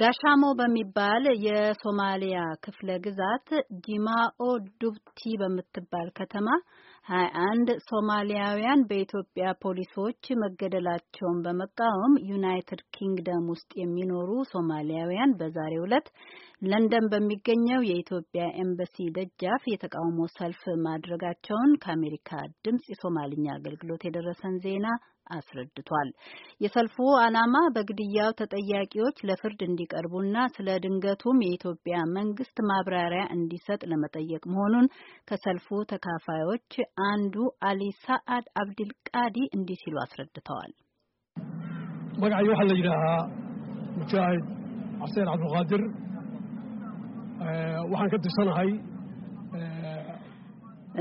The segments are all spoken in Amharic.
ጋሻሞ በሚባል የሶማሊያ ክፍለ ግዛት ጂማኦ ዱብቲ በምትባል ከተማ ሀያ አንድ ሶማሊያውያን በኢትዮጵያ ፖሊሶች መገደላቸውን በመቃወም ዩናይትድ ኪንግደም ውስጥ የሚኖሩ ሶማሊያውያን በዛሬው ዕለት ለንደን በሚገኘው የኢትዮጵያ ኤምባሲ ደጃፍ የተቃውሞ ሰልፍ ማድረጋቸውን ከአሜሪካ ድምጽ የሶማልኛ አገልግሎት የደረሰን ዜና አስረድቷል። የሰልፉ ዓላማ በግድያው ተጠያቂዎች ለፍርድ እንዲቀርቡና ስለ ድንገቱም የኢትዮጵያ መንግስት ማብራሪያ እንዲሰጥ ለመጠየቅ መሆኑን ከሰልፉ ተካፋዮች አንዱ አሊ ሳአድ አብድል ቃዲ እንዲህ ሲሉ አስረድተዋል። መጋዩ waxaa ሙጃሂድ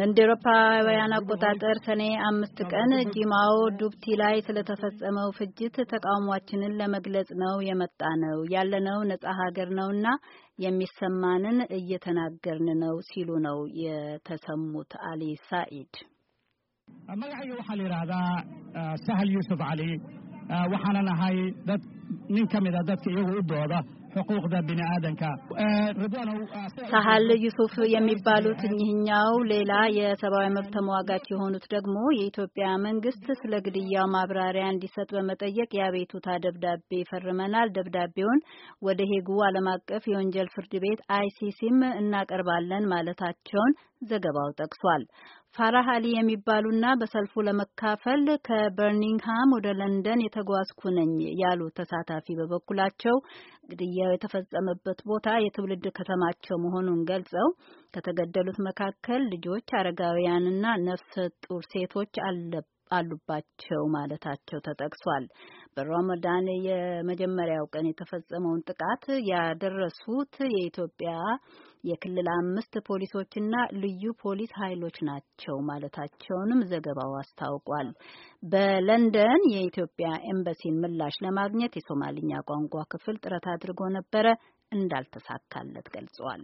እንደ ኤሮፓውያን አቆጣጠር ሰኔ አምስት ቀን ጂማው ዱብቲ ላይ ስለተፈጸመው ፍጅት ተቃውሟችንን ለመግለጽ ነው የመጣ ነው ያለነው ነጻ ሀገር ነውና የሚሰማንን እየተናገርን ነው ሲሉ ነው የተሰሙት አሊ ሳኢድ። መጋዩ ዩሱፍ አሊ nin ka mid a ah dadka u dooda ዩሱፍ የሚባሉት እኚህኛው ሌላ የሰብአዊ መብት ተሟጋች የሆኑት ደግሞ የኢትዮጵያ መንግስት ስለ ግድያው ማብራሪያ እንዲሰጥ በመጠየቅ የአቤቱታ ደብዳቤ ፈርመናል። ደብዳቤውን ወደ ሄጉ ዓለም አቀፍ የወንጀል ፍርድ ቤት አይሲሲም እናቀርባለን ማለታቸውን ዘገባው ጠቅሷል። ፋራህ አሊ የሚባሉና በሰልፉ ለመካፈል ከበርሚንግሃም ወደ ለንደን የተጓዝኩ ነኝ ያሉ ተሳ ተሳታፊ በበኩላቸው ግድያው የተፈጸመበት ቦታ የትውልድ ከተማቸው መሆኑን ገልጸው ከተገደሉት መካከል ልጆች፣ አረጋውያንና ነፍሰ ጡር ሴቶች አሉባቸው ማለታቸው ተጠቅሷል። በሮመዳን የመጀመሪያው ቀን የተፈጸመውን ጥቃት ያደረሱት የኢትዮጵያ የክልል አምስት ፖሊሶችና ልዩ ፖሊስ ኃይሎች ናቸው ማለታቸውንም ዘገባው አስታውቋል። በለንደን የኢትዮጵያ ኤምባሲን ምላሽ ለማግኘት የሶማሊኛ ቋንቋ ክፍል ጥረት አድርጎ ነበረ፣ እንዳልተሳካለት ገልጿል።